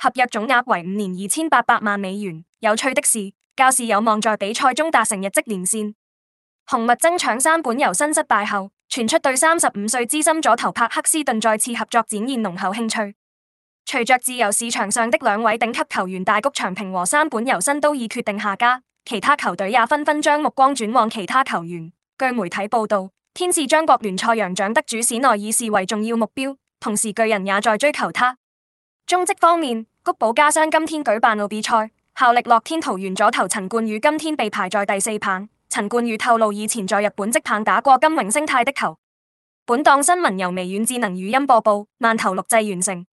合約總額為五年二千八百萬美元。有趣的是，教士有望在比賽中達成日績連線。紅襪爭搶山本由伸失敗後，傳出對三十五歲資深左投帕克斯頓再次合作展現濃厚興趣。隨着自由市場上的兩位頂級球員大谷翔平和山本由伸都已決定下家，其他球隊也紛紛將目光轉往其他球員。據媒體報道，天使將國聯賽揚獎得主史奈爾視為重要目標，同時巨人也在追求他。中職方面，谷保家商今天舉辦路比賽，效力樂天桃園左投陳冠宇今天被排在第四棒。陳冠宇透露，以前在日本職棒打過金明星泰的球。本檔新聞由微軟智能語音播報，慢頭錄製完成。